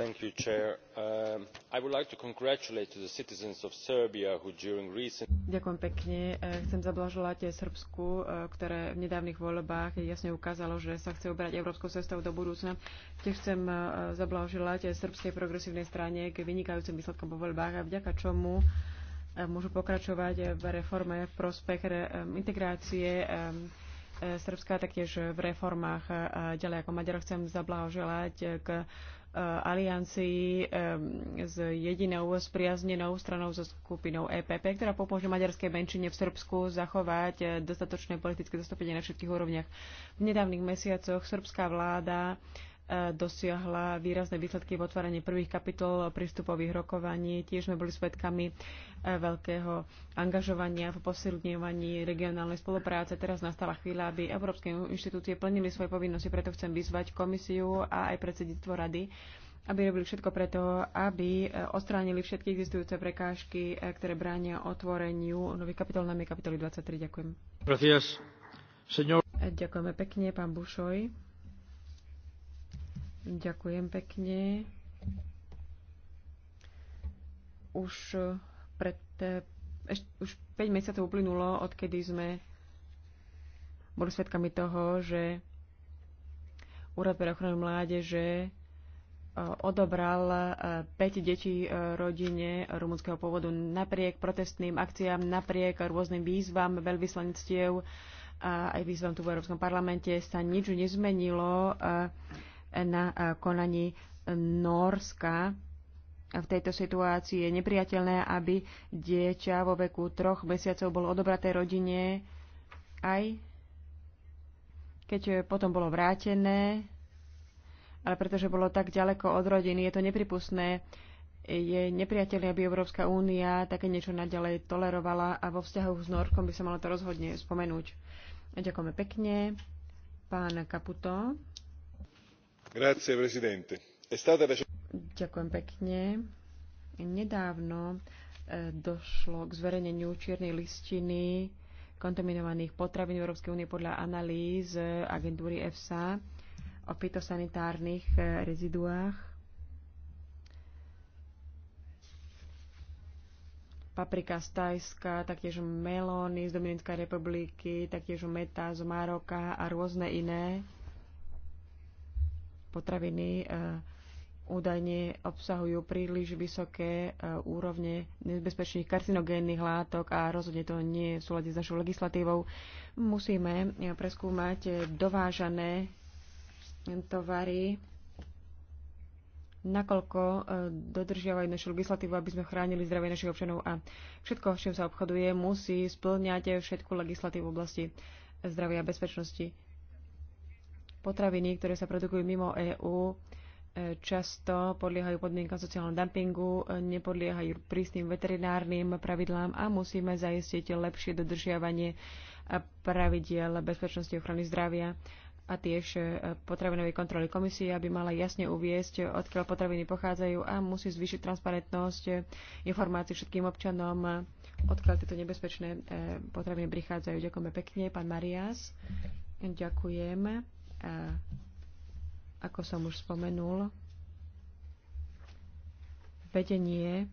Um, ďakujem pekne e, chcem zablahoželať srbsku e, ktoré v nedávnych voľbách jasne ukázalo že sa chce uberať európskou cestou do budúcna. tiež chcem e, zablahoželať srbskej progresívnej strane k vynikajúcim výsledkom vo voľbách a vďaka čomu môžu pokračovať v reforme v prospech integrácie Srbska, taktiež v reformách ďalej ako Maďar chcem zablahoželať k Eh, aliancii s jedinou spriaznenou stranou so skupinou EPP, ktorá pomôže maďarskej menšine v Srbsku zachovať eh, dostatočné politické zastúpenie na všetkých úrovniach. V nedávnych mesiacoch srbská vláda dosiahla výrazné výsledky v otváraní prvých kapitol prístupových rokovaní. Tiež sme boli svedkami eh, veľkého angažovania v posilňovaní regionálnej spolupráce. Teraz nastala chvíľa, aby európske inštitúcie plnili svoje povinnosti, preto chcem vyzvať komisiu a aj predsedníctvo rady, aby robili všetko preto, aby eh, odstránili všetky existujúce prekážky, eh, ktoré bránia otvoreniu nových kapitol, najmä kapitoly 23. Ďakujem. Gracias. Señor. Ďakujeme pekne, pán Bušoj. Ďakujem pekne. Už pred eh, eš, už 5 mesiacov uplynulo, odkedy sme boli svedkami toho, že Úrad pre ochranu mládeže eh, odobral 5 eh, detí rodine rumunského pôvodu napriek protestným akciám, napriek rôznym výzvam veľvyslanectiev a aj výzvam tu v Európskom parlamente sa nič nezmenilo na konaní Norska v tejto situácii. Je nepriateľné, aby dieťa vo veku troch mesiacov bolo odobraté rodine, aj keď potom bolo vrátené, ale pretože bolo tak ďaleko od rodiny, je to nepripustné. Je nepriateľné, aby Európska únia také niečo naďalej tolerovala a vo vzťahu s Norkom by sa malo to rozhodne spomenúť. Ďakujeme pekne. Pán Kaputo. Ďakujem pekne. Nedávno eh, došlo k zverejneniu čiernej listiny kontaminovaných potravín Európskej únie podľa analýz eh, agentúry EFSA o fitosanitárnych eh, reziduách. Paprika z Tajska, taktiež melóny z Dominickej republiky, taktiež meta z Maroka a rôzne iné potraviny e, údajne obsahujú príliš vysoké e, úrovne nebezpečných karcinogénnych látok a rozhodne to nie je v súlade s našou legislatívou. Musíme e, preskúmať dovážané tovary, nakoľko dodržiavajú našu legislatívu, aby sme chránili zdravie našich občanov a všetko, s čím sa obchoduje, musí splňať všetku legislatívu v oblasti zdravia a bezpečnosti. Potraviny, ktoré sa produkujú mimo EÚ, e, často podliehajú podmienkam sociálneho dumpingu, e, nepodliehajú prísnym veterinárnym pravidlám a musíme zaistiť lepšie dodržiavanie e, pravidiel bezpečnosti ochrany zdravia a tiež potravinovej kontroly komisie, aby mala jasne uviesť, odkiaľ potraviny pochádzajú a musí zvýšiť transparentnosť informácií všetkým občanom, odkiaľ tieto nebezpečné potraviny prichádzajú. Ďakujeme pekne, pán Marias. Ďakujem. A ako som už spomenul, vedenie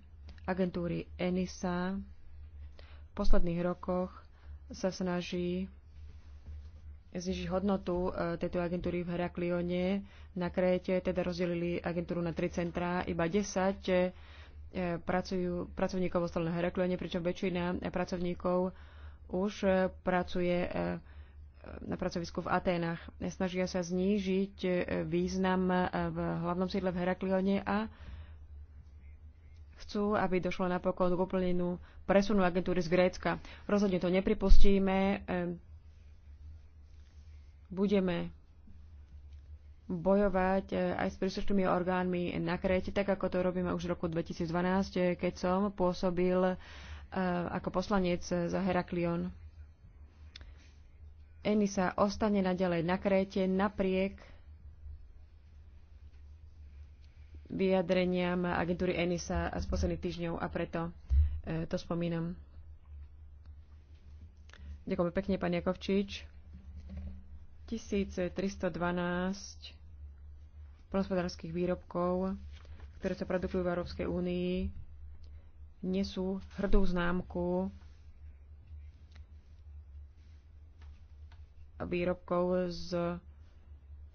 agentúry ENISA v posledných rokoch sa snaží znižiť hodnotu e, tejto agentúry v Heraklione na Kréte, teda rozdelili agentúru na tri centrá, iba 10 e, pracujú, pracovníkov ostalo na Heraklione, pričom väčšina pracovníkov už e, pracuje na pracovisku v Aténach. Snažia sa znížiť e, význam e, v hlavnom sídle v Heraklione a chcú, aby došlo napokon k úplnenú presunu agentúry z Grécka. Rozhodne to nepripustíme. E, budeme bojovať aj s príslušnými orgánmi na Kréte, tak ako to robíme už v roku 2012, keď som pôsobil ako poslanec za Heraklion. Enisa ostane naďalej na Kréte napriek vyjadreniam agentúry Enisa z posledných týždňov a preto e, to spomínam. Ďakujem pekne, pani Jakovčič. 1312 prospodárských výrobkov, ktoré sa produkujú v Európskej únii, nesú hrdú známku výrobkov s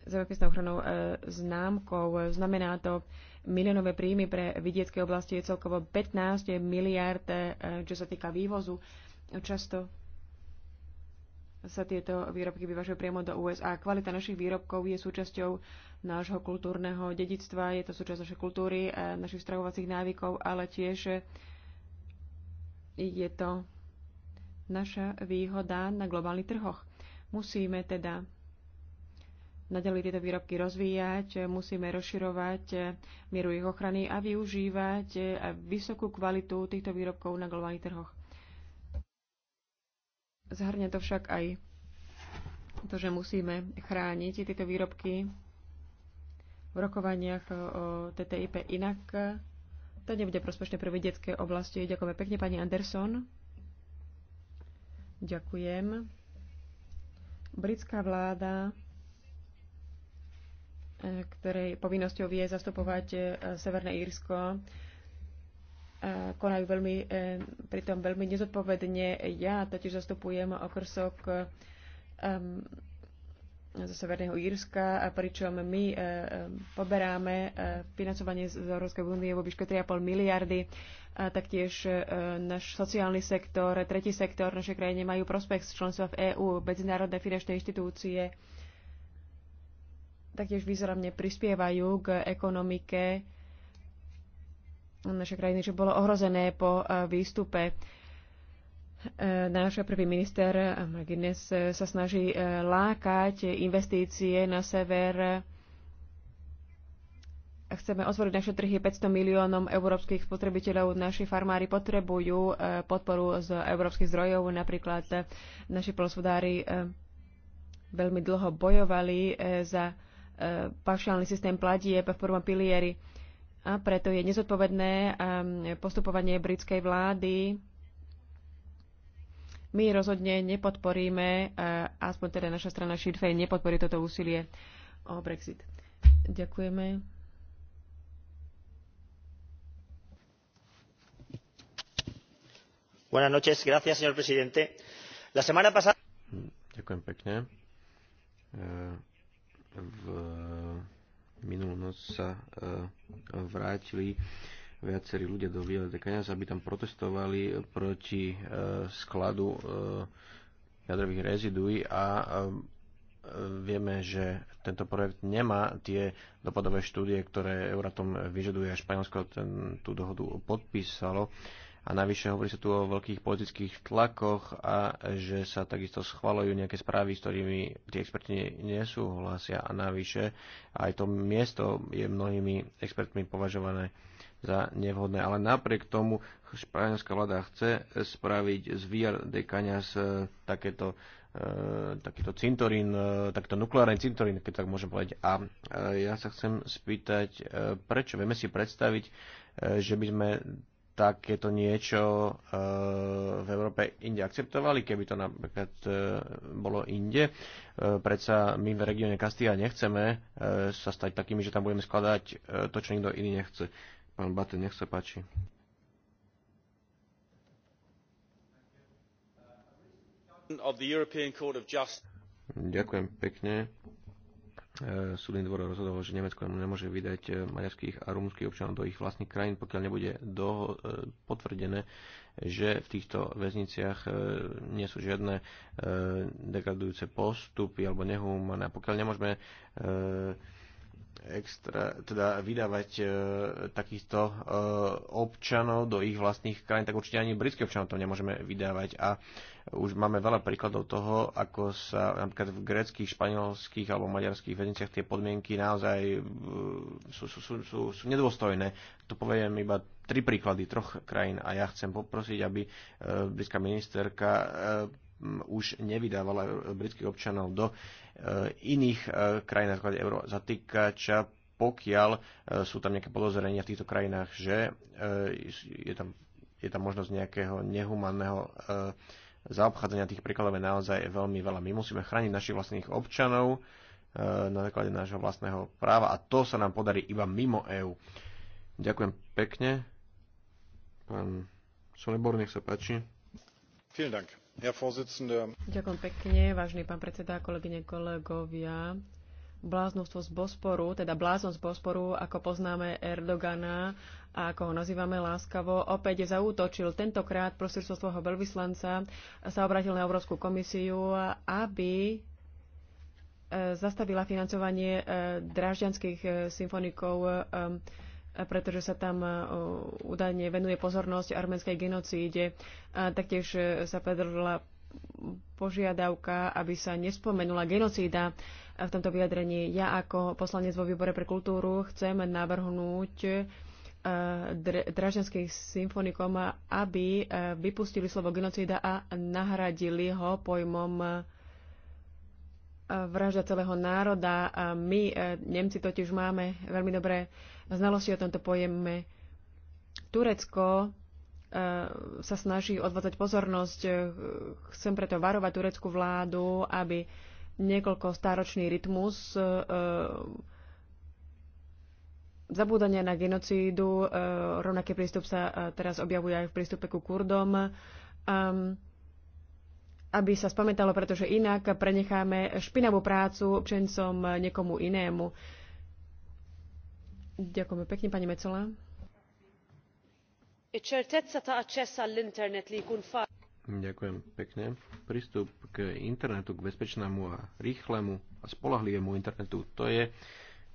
zemepisnou ochranou e, známkou. Znamená to miliónové príjmy pre vidiecké oblasti, je celkovo 15 miliard, e, čo sa týka vývozu. Často sa tieto výrobky vyvažujú priamo do USA. Kvalita našich výrobkov je súčasťou nášho kultúrneho dedictva, je to súčasť našej kultúry, e, našich stravovacích návykov, ale tiež je to naša výhoda na globálnych trhoch. Musíme teda naďalej tieto výrobky rozvíjať, musíme rozširovať mieru ich ochrany a využívať e, vysokú kvalitu týchto výrobkov na globálnych trhoch. Zahrňa to však aj to, že musíme chrániť tieto výrobky v rokovaniach o TTIP. Inak e, to nebude prospešné pre vedecké oblasti. Ďakujeme pekne, pani Anderson. Ďakujem. Britská vláda, e, ktorej povinnosťou vie zastupovať e, Severné Írsko, e, konajú veľmi, pritom veľmi nezodpovedne. Ja totiž zastupujem okrsok zo Severného Írska, a pričom my e, e poberáme e, financovanie z Európskej únie vo výške 3,5 miliardy a taktiež e, náš sociálny sektor, tretí sektor našej krajine majú prospech z členstva v EÚ, medzinárodné finančné inštitúcie taktiež významne prispievajú k ekonomike našej krajiny, čo bolo ohrozené po e, výstupe E, náš prvý minister e, Magines e, sa snaží lákať investície na sever. Chceme otvoriť naše trhy 500 miliónom európskych spotrebiteľov. Naši farmári potrebujú podporu z európskych zdrojov. Napríklad naši polospodári veľmi dlho bojovali za paušálny systém platieb v prvom pilieri. A preto je nezodpovedné postupovanie britskej vlády my rozhodne nepodporíme, e, aspoň teda naša strana Sinn nepodporí toto úsilie o Brexit. Ďakujeme. Buenas noches, gracias, señor presidente. La semana pasada... Ďakujem pekne. E, v e, minulú noc sa vrátili viacerí ľudia do Vila de Cañas, aby tam protestovali proti e, skladu e, jadrových reziduí a e, vieme, že tento projekt nemá tie dopadové štúdie, ktoré Euratom vyžaduje a Španielsko ten, tú dohodu podpísalo. A navyše hovorí sa tu o veľkých politických tlakoch a že sa takisto schvalujú nejaké správy, s ktorými tie experti nesúhlasia. A navyše aj to miesto je mnohými expertmi považované za nevhodné. Ale napriek tomu španielská vláda chce spraviť z VR de Cañas e, takéto e, takýto cintorín, e, takýto nukleárny cintorín, keď tak môžem povedať. A ja sa chcem spýtať, prečo vieme si predstaviť, že by sme takéto niečo v Európe inde akceptovali, keby to napríklad bolo inde. Predsa my v regióne Kastia nechceme sa stať takými, že tam budeme skladať to, čo nikto iný nechce. Pán Baten, nech sa páči. Ďakujem pekne. E, súdny dvor rozhodol, že Nemecko nemôže vydať e, maďarských a rumských občanov do ich vlastných krajín, pokiaľ nebude do, e, potvrdené, že v týchto väzniciach nie sú žiadne degradujúce postupy alebo nehumánne. Pokiaľ nemôžeme extra, teda vydávať e, takýchto e, občanov do ich vlastných krajín, tak určite ani britských občanov to nemôžeme vydávať. A už máme veľa príkladov toho, ako sa napríklad v greckých, španielských alebo maďarských väzniciach tie podmienky naozaj e, sú, sú, sú, sú, sú nedôstojné. To poviem iba tri príklady troch krajín a ja chcem poprosiť, aby e, britská ministerka e, už nevydávala britských občanov do Eh, iných eh, krajín, napríklad zatýkača, pokiaľ eh, sú tam nejaké podozrenia v týchto krajinách, že je tam, je tam možnosť nejakého nehumanného zaobchádzania tých príkladov je naozaj veľmi veľa. My musíme chrániť našich vlastných občanov na základe nášho vlastného práva a to sa nám podarí iba mimo EÚ. Ďakujem pekne. Pán Solibor, nech sa páči. Vielen Dank. Ďakujem pekne, vážny pán predseda, kolegyne, kolegovia. Bláznostvo z Bosporu, teda blázon z Bosporu, ako poznáme Erdogana a ako ho nazývame láskavo, opäť zaútočil. Tentokrát prostredstvo svojho veľvyslanca sa obratil na Európsku komisiu, aby e, zastavila financovanie e, dražďanských e, symfonikov pretože sa tam e, údajne venuje pozornosť arménskej genocíde. A taktiež e, sa predrla požiadavka, aby sa nespomenula genocída e, v tomto vyjadrení. Ja ako poslanec vo výbore pre kultúru chcem navrhnúť dražanským symfonikom, aby vypustili slovo genocída a nahradili ho pojmom vražda celého národa. A my, Nemci, totiž máme veľmi dobré znalosti o tomto pojemme. Turecko eh, sa snaží odvádzať pozornosť. Chcem preto varovať tureckú vládu, aby niekoľko stáročný rytmus eh, zabúdania na genocídu, eh, rovnaký prístup sa teraz objavuje aj v prístupe ku Kurdom, ehm, aby sa spamätalo, pretože inak prenecháme špinavú prácu občencom niekomu inému. Ďakujeme pekne, pani Mecola. Ďakujem pekne. Prístup k internetu, k bezpečnému a rýchlemu a spolahlivému internetu, to je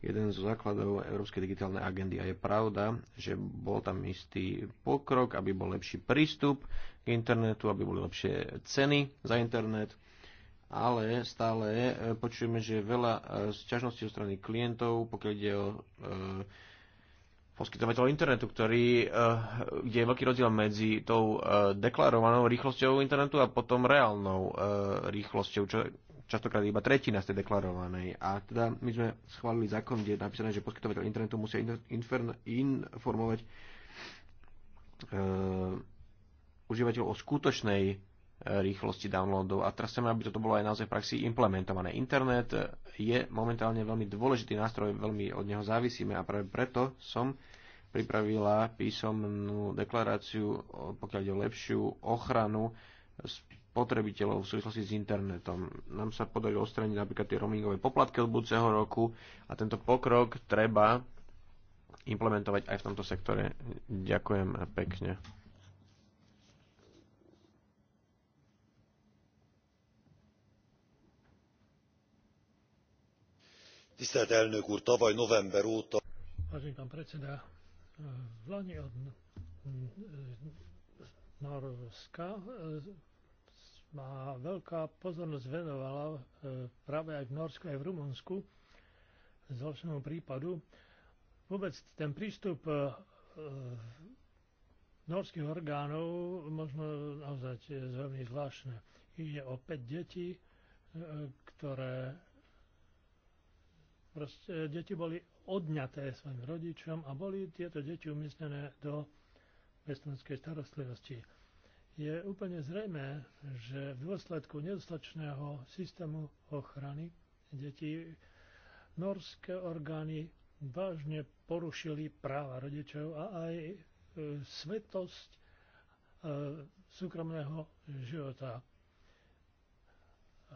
jeden zo základov Európskej digitálnej agendy a je pravda, že bol tam istý pokrok, aby bol lepší prístup k internetu, aby boli lepšie ceny za internet ale stále e, počujeme, že je veľa e, sťažností zo strany klientov, pokiaľ ide o e, poskytovateľov internetu, ktorý, kde je veľký rozdiel medzi tou deklarovanou rýchlosťou internetu a potom reálnou rýchlosťou, čo častokrát iba tretina z tej deklarovanej. A teda my sme schválili zákon, kde je napísané, že poskytovateľ internetu musia informovať e, užívateľ o skutočnej rýchlosti downloadov. A teraz chceme, aby toto bolo aj naozaj v praxi implementované. Internet je momentálne veľmi dôležitý nástroj, veľmi od neho závisíme a práve preto som pripravila písomnú deklaráciu, pokiaľ ide o lepšiu ochranu spotrebiteľov v súvislosti s internetom. Nám sa podarilo odstrániť napríklad tie roamingové poplatky od budúceho roku a tento pokrok treba implementovať aj v tomto sektore. Ďakujem pekne. tisztelt elnök úr tavaly november óta. vážený pán predseda vlani od norska eh, má veľká pozornosť venovala eh, práve aj v Norsku, aj v Rumunsku zvláštnemu prípadu. Vôbec ten prístup eh, norských orgánov možno naozaj veľmi zvláštne. Ide o 5 detí, ktoré Proste e, deti boli odňaté svojim rodičom a boli tieto deti umiestnené do pestúnskej starostlivosti. Je úplne zrejme, že v dôsledku nedostačného systému ochrany detí norské orgány vážne porušili práva rodičov a aj e, svetosť e, súkromného života.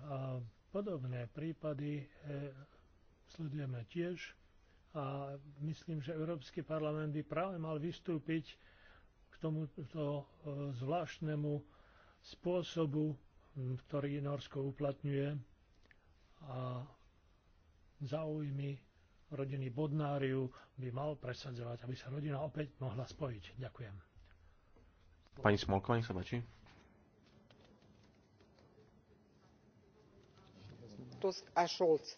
A podobné prípady e, sledujeme tiež a myslím, že Európsky parlament by práve mal vystúpiť k tomuto e, zvláštnemu spôsobu, ktorý Norsko uplatňuje a záujmy rodiny Bodnáriu by mal presadzovať, aby sa rodina opäť mohla spojiť. Ďakujem. Pani Smolková, nech sa páči. Tusk a Schulz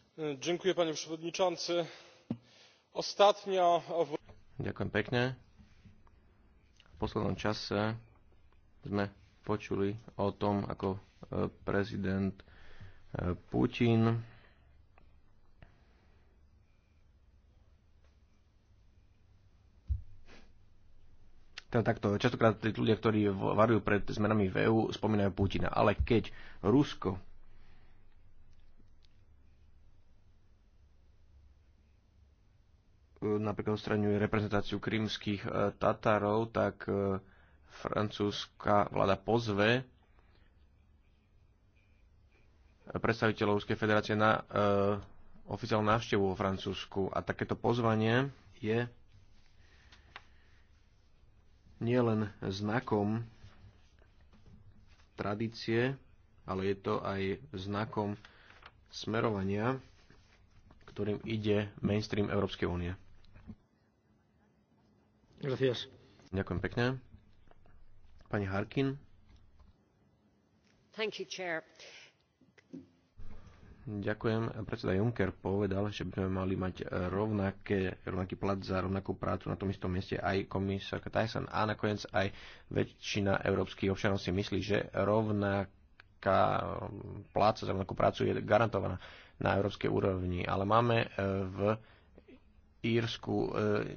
panie przewodniczący! v poslednom čase sme počuli o tom ako e, prezident e, putin teda takto, častokrát tí ľudia, ktorí varujú pred zmenami v EÚ, spomínajú Putina. Ale keď Rusko napríklad odstraňuje reprezentáciu krímskych e, Tatarov, tak e, francúzska vláda pozve e, predstaviteľov Ruskej federácie na oficiálnu návštevu vo Francúzsku. A takéto pozvanie je nielen znakom tradície, ale je to aj znakom smerovania, ktorým ide mainstream Európskej únie. Gracias. Ďakujem pekne. Pani Harkin. Thank you, chair. Ďakujem. Predseda Juncker povedal, že by sme mali mať rovnaké, rovnaký plat za rovnakú prácu na tom istom mieste aj komisárka Tyson a nakoniec aj väčšina európskych občanov si myslí, že rovnaká pláca za rovnakú prácu je garantovaná na európskej úrovni. Ale máme eh, v Írsku e,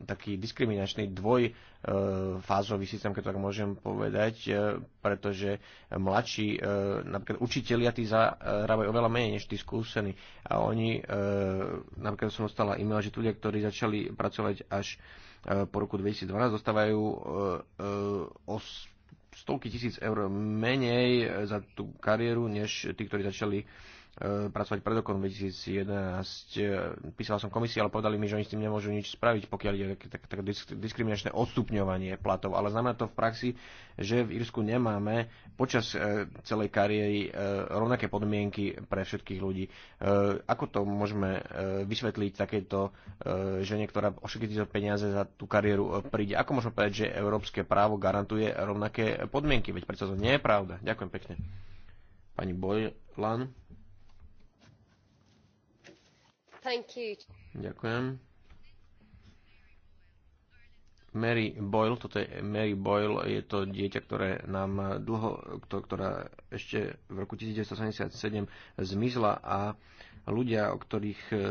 taký diskriminačný dvojfázový e, systém, keď tak môžem povedať, e, pretože mladší napríklad učitelia tí zarábajú oveľa menej než tí skúsení. A oni, napríklad som dostala e-mail, že ľudia, ktorí začali pracovať až po roku 2012, dostávajú o stovky tisíc eur menej za tú kariéru, než tí, ktorí začali E, pracovať pred rokom 2011. Písal som komisii, ale povedali mi, že oni s tým nemôžu nič spraviť, pokiaľ je také, tak, tak diskriminačné odstupňovanie platov. Ale znamená to v praxi, že v Írsku nemáme počas e, celej kariéry e, rovnaké podmienky pre všetkých ľudí. Ako to môžeme vysvetliť takéto žene, ktorá o všetky peniaze za tú kariéru príde? Ako môžeme povedať, že európske právo garantuje rovnaké podmienky? Veď preto to nie je pravda. Ďakujem pekne. Pani Bojlan. Ďakujem. Mary Boyle, toto je Mary Boyle, je to dieťa, ktoré nám dlho, ktorá ešte v roku 1977 zmizla a ľudia, o, ktorých, e,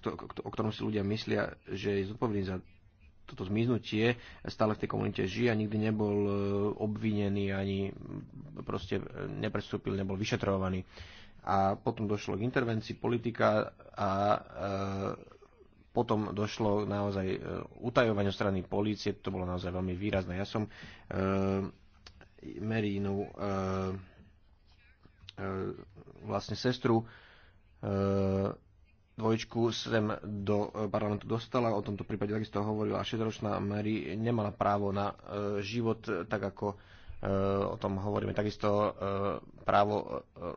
kto, o ktorom si ľudia myslia, že je zodpovedný za toto zmiznutie, stále v tej komunite žije a nikdy nebol e, obvinený ani proste e, neprestúpil, nebol vyšetrovaný a potom došlo k intervencii politika a e, potom došlo naozaj e, utajovaniu strany polície, to bolo naozaj veľmi výrazné. Ja som e, Merínu e, e, vlastne sestru e, dvojčku sem do e, parlamentu dostala, o tomto prípade takisto hovorila, a 6-ročná Mary nemala právo na e, život tak ako e, E, o tom hovoríme takisto e, právo e,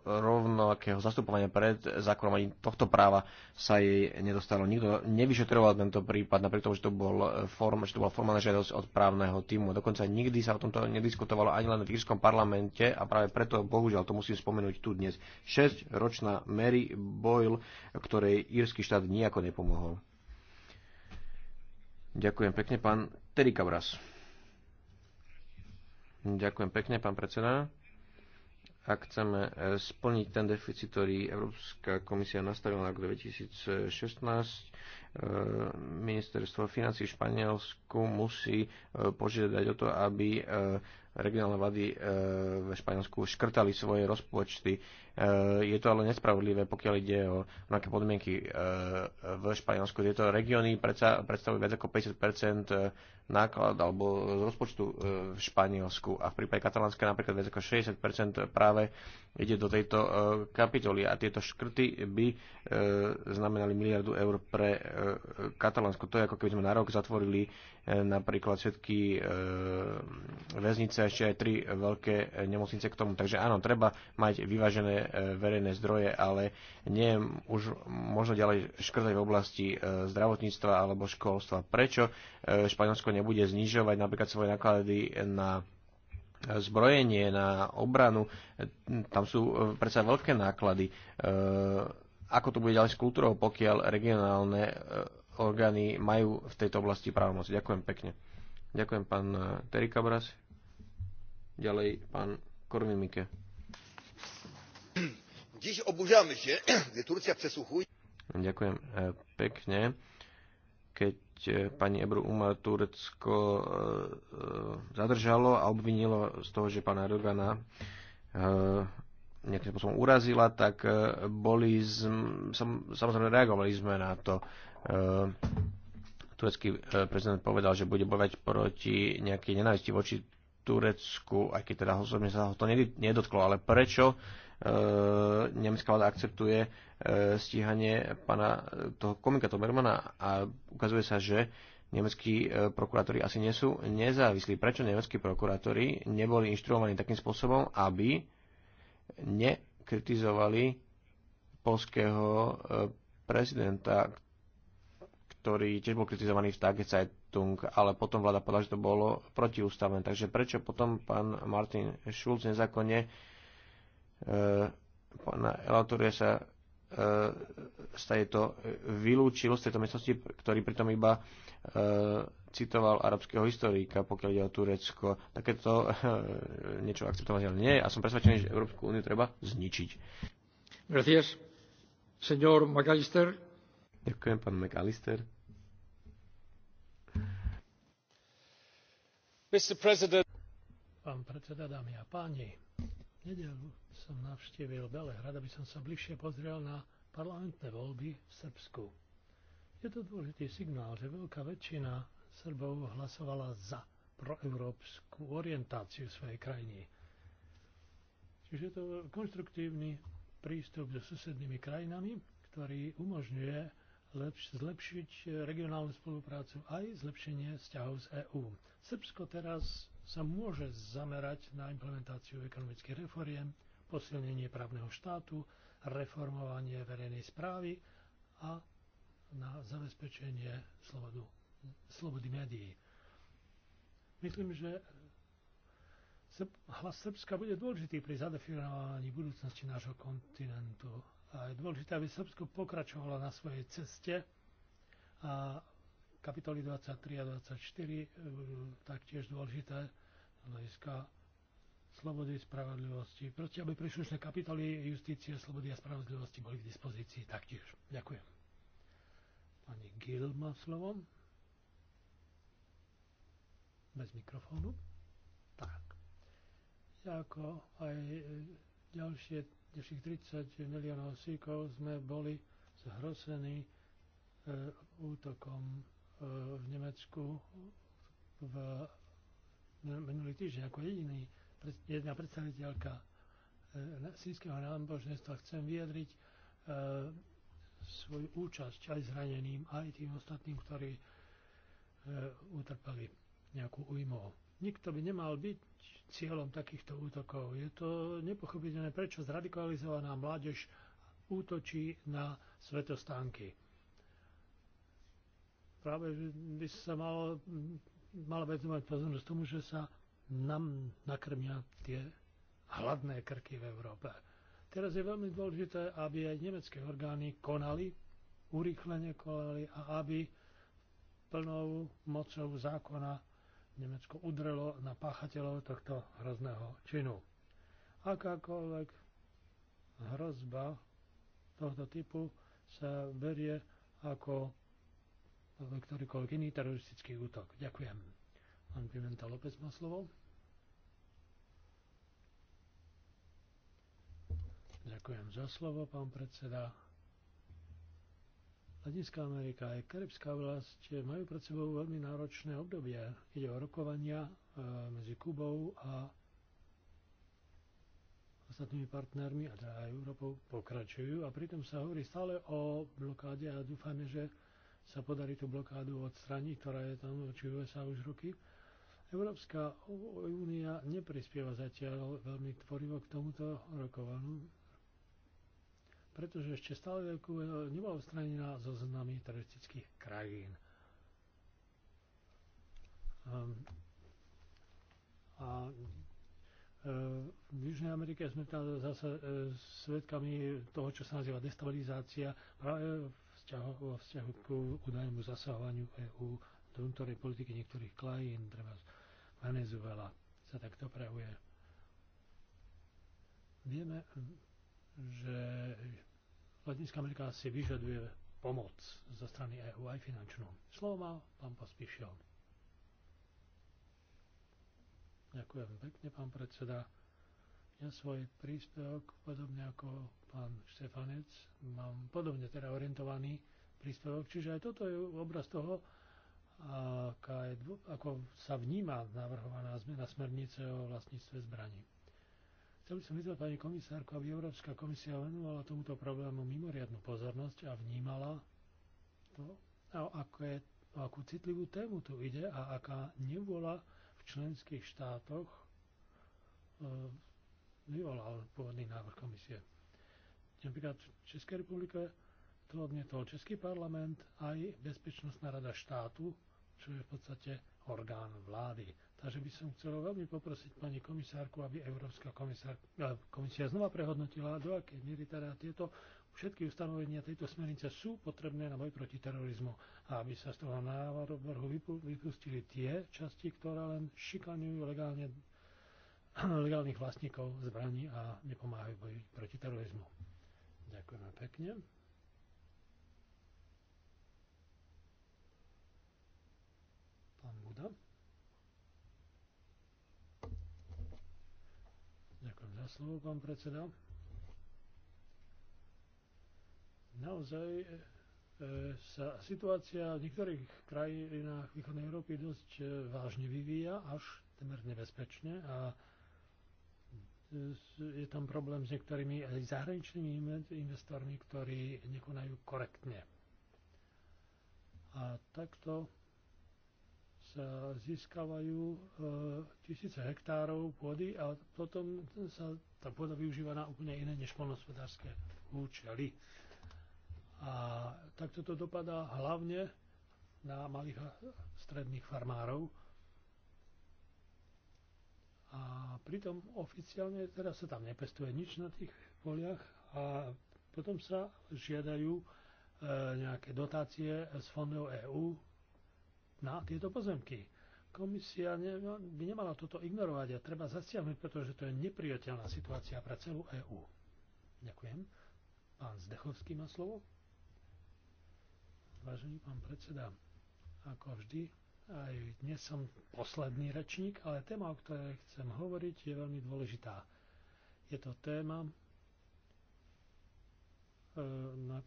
rovnakého zastupovania pred zákonom ani tohto práva sa jej nedostalo. Nikto nevyšetroval tento prípad, napriek tomu, že to, bol form, že to bola formálna žiadosť od právneho týmu. Dokonca nikdy sa o tomto nediskutovalo ani len v írskom parlamente a práve preto, bohužiaľ, to musím spomenúť tu dnes. 6-ročná Mary Boyle, ktorej írsky štát nijako nepomohol. Ďakujem pekne, pán Terry Cabras. Ďakujem pekne, pán predseda. Ak chceme eh, splniť ten deficit, ktorý Európska komisia nastavila na rok 2016, E, ministerstvo financí v Španielsku musí e, požiadať o to, aby e, regionálne vlády v Španielsku škrtali svoje rozpočty. Je to ale nespravodlivé, pokiaľ ide o nejaké podmienky v Španielsku. Tieto regióny predstavujú viac ako 50 náklad alebo z rozpočtu v Španielsku a v prípade Katalánska napríklad viac ako 60 práve ide do tejto e, kapitoly a tieto škrty by e, znamenali miliardu eur pre e, Katalánsko. To je ako keby sme na rok zatvorili napríklad všetky väznice a ešte aj tri veľké nemocnice k tomu. Takže áno, treba mať vyvážené verejné zdroje, ale nie je už možno ďalej škrtať v oblasti zdravotníctva alebo školstva. Prečo Španielsko nebude znižovať napríklad svoje náklady na zbrojenie, na obranu. Tam sú e, predsa veľké náklady. E, ako to bude ďalej s kultúrou, pokiaľ regionálne e, orgány majú v tejto oblasti právomoc? Ďakujem pekne. Ďakujem pán Terry Cabras. Ďalej pán Korvin Mike. Dziś oburzamy się, gdy Turcja przesłuchuje. Ďakujem pekne keď e, pani Ebru Umar Turecko e, e, zadržalo a obvinilo z toho, že pána Erdogana nejakým spôsobom urazila, tak boli sam, samozrejme reagovali sme na to. turecký prezident povedal, že bude bojovať proti nejakej nenávisti voči Turecku, aj keď teda osobne sa ho to nedotklo, ale prečo Eh, nemecká vláda akceptuje eh, stíhanie pana toho komika Tobermana a ukazuje sa, že nemeckí eh, prokurátori asi nie sú nezávislí. Prečo nemeckí prokurátori neboli inštruovaní takým spôsobom, aby nekritizovali polského prezidenta, ktorý tiež bol kritizovaný v Tagezeitung, ale potom vláda povedala, že to bolo protiústavné. Takže prečo potom pán Martin Schulz nezákonne E, na Elatoria sa e, z tejto vylúčil, z tejto miestnosti, ktorý pritom iba e, citoval arabského historika, pokiaľ ide o Turecko. Takéto niečo akceptovateľné nie je a som presvedčený, že Európsku úniu treba zničiť. Gracias. Señor McAllister. Ďakujem, pán McAllister. Mr. President. Pán predseda, dámy a páni, nedelu som navštívil Belehrad, aby som sa bližšie pozrel na parlamentné voľby v Srbsku. Je to dôležitý signál, že veľká väčšina Srbov hlasovala za proeurópsku orientáciu svojej krajiny. Čiže je to konstruktívny prístup so susednými krajinami, ktorý umožňuje lepš- zlepšiť regionálnu spoluprácu aj zlepšenie vzťahov z EÚ. Srbsko teraz sa môže zamerať na implementáciu ekonomických reforiem, posilnenie právneho štátu, reformovanie verejnej správy a na zabezpečenie slobodu, slobody médií. Myslím, že hlas Srbska bude dôležitý pri zadefinovaní budúcnosti nášho kontinentu. A je dôležité, aby Srbsko pokračovalo na svojej ceste a kapitoly 23 a 24 e, taktiež dôležité z hľadiska slobody, spravodlivosti. Proste, aby príslušné kapitoly justície, slobody a spravodlivosti boli k dispozícii taktiež. Ďakujem. Pani Gil má slovo. Bez mikrofónu. Tak. Ja ako aj ďalšie, ďalších 30 miliónov síkov sme boli zhrosení e, útokom v Nemecku v minulý týždeň ako jediný, jedna predstaviteľka eh, sínskeho náboženstva chcem vyjadriť eh, svoju účasť aj zraneným, aj tým ostatným, ktorí eh, utrpeli nejakú újmu. Nikto by nemal byť cieľom takýchto útokov. Je to nepochopiteľné, prečo zradikalizovaná mládež útočí na svetostánky práve by sa malo, mala venovať pozornosť tomu, že sa nám nakrmia tie hladné krky v Európe. Teraz je veľmi dôležité, aby aj nemecké orgány konali, urýchlene konali a aby plnou mocou zákona Nemecko udrelo na páchateľov tohto hrozného činu. Akákoľvek hrozba tohto typu sa berie ako ktorýkoľvek iný teroristický útok. Ďakujem. Pán Pimenta López má slovo. Ďakujem za slovo, pán predseda. Latinská Amerika a Karibská vlast majú pred sebou veľmi náročné obdobie. Ide o rokovania e, medzi Kubou a ostatnými partnermi, a teda aj Európou, pokračujú a pritom sa hovorí stále o blokáde a dúfame, že sa podarí tú blokádu odstraniť, ktorá je tam voči USA už roky. Európska únia neprispieva zatiaľ veľmi tvorivo k tomuto rokovanu, pretože ešte stále e, nebola odstranená zo znamy teroristických krajín. Um, a e, v Južnej Amerike sme tam zase e, svedkami toho, čo sa nazýva destabilizácia práve v vzťahu, vo vzťahu k údajnému zasahovaniu EÚ do vnútornej politiky niektorých krajín, treba Venezuela sa takto prejavuje. Vieme, že Latinská Amerika si vyžaduje pomoc zo strany EÚ aj finančnú. Slovo má pán Pospíšil. Ďakujem pekne, pán predseda. Ja svoj príspevok, podobne ako pán Štefanec, mám podobne teda orientovaný príspevok, čiže aj toto je obraz toho, aká je, ako sa vníma navrhovaná zmena smernice o vlastníctve zbraní. Chcel by som vyzvať pani komisárku, aby Európska komisia venovala tomuto problému mimoriadnu pozornosť a vnímala to, o, ako je, o akú citlivú tému tu ide a aká nebola v členských štátoch e, vyvolal pôvodný návrh komisie. Napríklad v Českej republike to odmietol Český parlament aj Bezpečnostná rada štátu, čo je v podstate orgán vlády. Takže by som chcel veľmi poprosiť pani komisárku, aby Európska eh, komisia znova prehodnotila, do akej miery teda tieto všetky ustanovenia tejto smernice sú potrebné na boj proti terorizmu a aby sa z toho návrhu vypustili tie časti, ktoré len šikanujú legálne legálnych vlastníkov zbraní a nepomáhajú boji proti terorizmu. Ďakujeme pekne. Pán Buda. Ďakujem za slovo, pán predseda. Naozaj e, e sa situácia v niektorých krajinách východnej Európy dosť e, vážne vyvíja, až temer nebezpečne a je tam problém s niektorými aj zahraničnými investormi, ktorí nekonajú korektne. A takto sa získavajú e, tisíce hektárov pôdy a potom sa tá pôda využíva na úplne iné než polnospodárske účely. A takto to dopadá hlavne na malých a stredných farmárov, a pritom oficiálne teraz sa tam nepestuje nič na tých poliach a potom sa žiadajú e, nejaké dotácie z fondov EÚ na tieto pozemky. Komisia ne, no, by nemala toto ignorovať a treba zasiahnuť, pretože to je nepriateľná situácia pre celú EÚ. Ďakujem. Pán Zdechovský má slovo. Vážený pán predseda, ako vždy, aj dnes som posledný rečník, ale téma, o ktorej chcem hovoriť, je veľmi dôležitá. Je to téma, e, na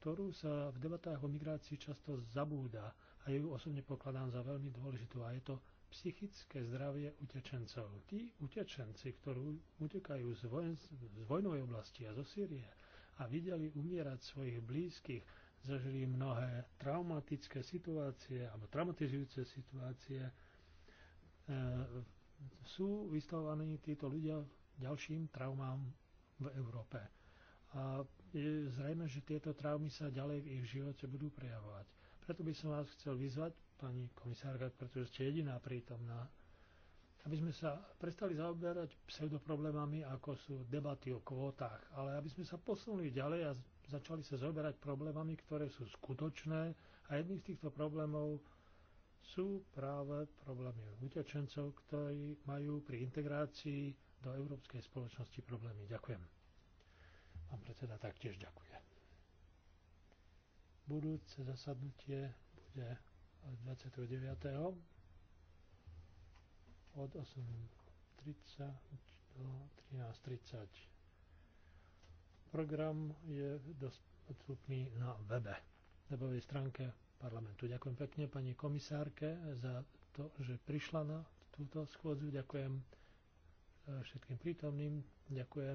ktorú sa v debatách o migrácii často zabúda a ju osobne pokladám za veľmi dôležitú a je to psychické zdravie utečencov. Tí utečenci, ktorí utekajú z, vojen, z vojnovej oblasti a zo Sýrie a videli umierať svojich blízkych, zažili mnohé traumatické situácie alebo traumatizujúce situácie. E, sú vystavovaní títo ľudia ďalším traumám v Európe. A je zrejme, že tieto traumy sa ďalej v ich živote budú prejavovať. Preto by som vás chcel vyzvať, pani komisárka, pretože ste jediná prítomná, aby sme sa prestali zaoberať pseudoproblémami, ako sú debaty o kvótach, ale aby sme sa posunuli ďalej a začali sa zoberať problémami, ktoré sú skutočné a jedným z týchto problémov sú práve problémy utečencov, ktorí majú pri integrácii do európskej spoločnosti problémy. Ďakujem. Pán predseda taktiež ďakuje. Budúce zasadnutie bude 29. od 8.30 do 13.30. Program je dostupný na webe, webovej stránke parlamentu. Ďakujem pekne pani komisárke za to, že prišla na túto schôdzu. Ďakujem eh, všetkým prítomným. Ďakujem.